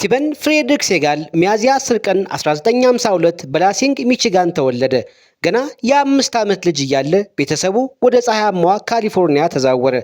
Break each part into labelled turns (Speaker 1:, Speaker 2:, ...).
Speaker 1: ስቲቨን ፍሬድሪክ ሴጋል ሚያዝያ 10 ቀን 1952 በላሲንግ ሚቺጋን ተወለደ። ገና የአምስት ዓመት ልጅ እያለ ቤተሰቡ ወደ ፀሐያማዋ ካሊፎርኒያ ተዛወረ።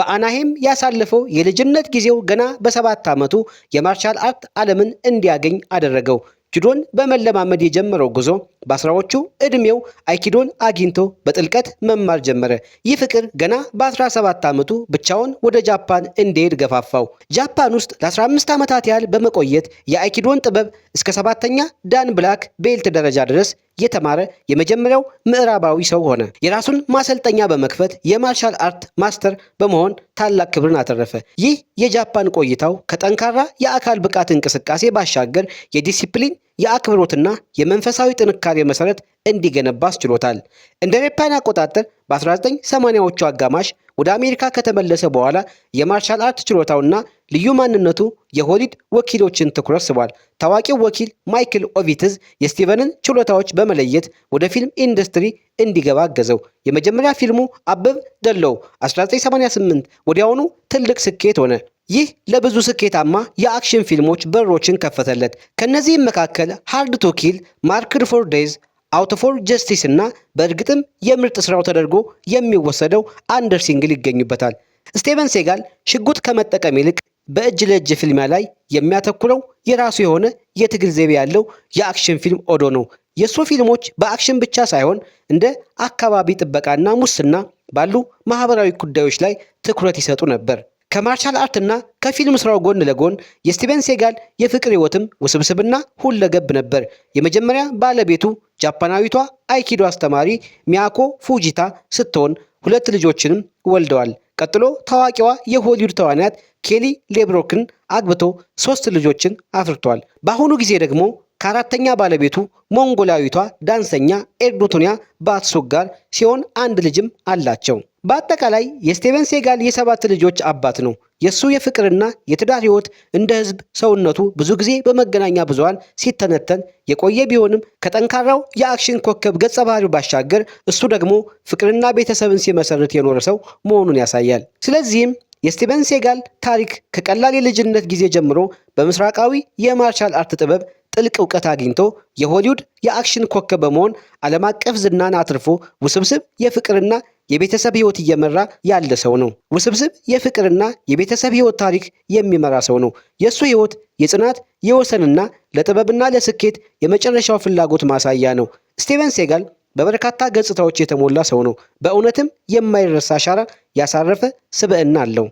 Speaker 1: በአናሄም ያሳለፈው የልጅነት ጊዜው ገና በሰባት ዓመቱ የማርሻል አርት ዓለምን እንዲያገኝ አደረገው። ጁዶን በመለማመድ የጀመረው ጉዞ በአስራዎቹ ዕድሜው አይኪዶን አግኝቶ በጥልቀት መማር ጀመረ። ይህ ፍቅር ገና በ17 ዓመቱ ብቻውን ወደ ጃፓን እንዲሄድ ገፋፋው። ጃፓን ውስጥ ለ15 ዓመታት ያህል በመቆየት የአይኪዶን ጥበብ እስከ ሰባተኛ ዳን ብላክ ቤልት ደረጃ ድረስ የተማረ የመጀመሪያው ምዕራባዊ ሰው ሆነ። የራሱን ማሰልጠኛ በመክፈት የማርሻል አርት ማስተር በመሆን ታላቅ ክብርን አተረፈ። ይህ የጃፓን ቆይታው ከጠንካራ የአካል ብቃት እንቅስቃሴ ባሻገር የዲሲፕሊን የአክብሮትና የመንፈሳዊ ጥንካሬ መሰረት እንዲገነባ አስችሎታል። እንደ ሬፓን አቆጣጠር በ1980ዎቹ አጋማሽ ወደ አሜሪካ ከተመለሰ በኋላ የማርሻል አርት ችሎታውና ልዩ ማንነቱ የሆሊድ ወኪሎችን ትኩረት ስቧል። ታዋቂው ወኪል ማይክል ኦቪትዝ የስቲቨንን ችሎታዎች በመለየት ወደ ፊልም ኢንዱስትሪ እንዲገባ አገዘው። የመጀመሪያ ፊልሙ አበብ ደለው 1988 ወዲያውኑ ትልቅ ስኬት ሆነ። ይህ ለብዙ ስኬታማ የአክሽን ፊልሞች በሮችን ከፈተለት። ከእነዚህም መካከል ሃርድ ቱ ኪል፣ ማርክድ ፎር ዴይዝ፣ አውት ፎር ጀስቲስ እና በእርግጥም የምርጥ ስራው ተደርጎ የሚወሰደው አንደር ሲንግል ይገኙበታል። ስቴቨን ሴጋል ሽጉጥ ከመጠቀም ይልቅ በእጅ ለእጅ ፊልማ ላይ የሚያተኩረው የራሱ የሆነ የትግል ዘይቤ ያለው የአክሽን ፊልም ኦዶ ነው። የእሱ ፊልሞች በአክሽን ብቻ ሳይሆን እንደ አካባቢ ጥበቃና ሙስና ባሉ ማህበራዊ ጉዳዮች ላይ ትኩረት ይሰጡ ነበር። ከማርሻል አርትና ከፊልም ስራው ጎን ለጎን የስቲቨን ሴጋል የፍቅር ህይወትም ውስብስብና ሁለገብ ነበር። የመጀመሪያ ባለቤቱ ጃፓናዊቷ አይኪዶ አስተማሪ ሚያኮ ፉጂታ ስትሆን ሁለት ልጆችንም ወልደዋል። ቀጥሎ ታዋቂዋ የሆሊውድ ተዋናት ኬሊ ሌብሮክን አግብቶ ሶስት ልጆችን አፍርቷል። በአሁኑ ጊዜ ደግሞ ከአራተኛ ባለቤቱ ሞንጎላዊቷ ዳንሰኛ ኤርዶቶኒያ ባትሱክ ጋር ሲሆን አንድ ልጅም አላቸው። በአጠቃላይ የስቴቨን ሴጋል የሰባት ልጆች አባት ነው። የእሱ የፍቅርና የትዳር ህይወት እንደ ህዝብ ሰውነቱ ብዙ ጊዜ በመገናኛ ብዙሃን ሲተነተን የቆየ ቢሆንም ከጠንካራው የአክሽን ኮከብ ገጸ ባህሪው ባሻገር እሱ ደግሞ ፍቅርና ቤተሰብን ሲመሰርት የኖረ ሰው መሆኑን ያሳያል። ስለዚህም የስቲቨን ሴጋል ታሪክ ከቀላል የልጅነት ጊዜ ጀምሮ በምስራቃዊ የማርሻል አርት ጥበብ ጥልቅ እውቀት አግኝቶ የሆሊውድ የአክሽን ኮከብ በመሆን ዓለም አቀፍ ዝናን አትርፎ ውስብስብ የፍቅርና የቤተሰብ ህይወት እየመራ ያለ ሰው ነው። ውስብስብ የፍቅርና የቤተሰብ ህይወት ታሪክ የሚመራ ሰው ነው። የእሱ ህይወት የጽናት የወሰንና ለጥበብና ለስኬት የመጨረሻው ፍላጎት ማሳያ ነው። ስቲቨን ሴጋል በበርካታ ገጽታዎች የተሞላ ሰው ነው። በእውነትም የማይረሳ አሻራ ያሳረፈ ስብዕና አለው።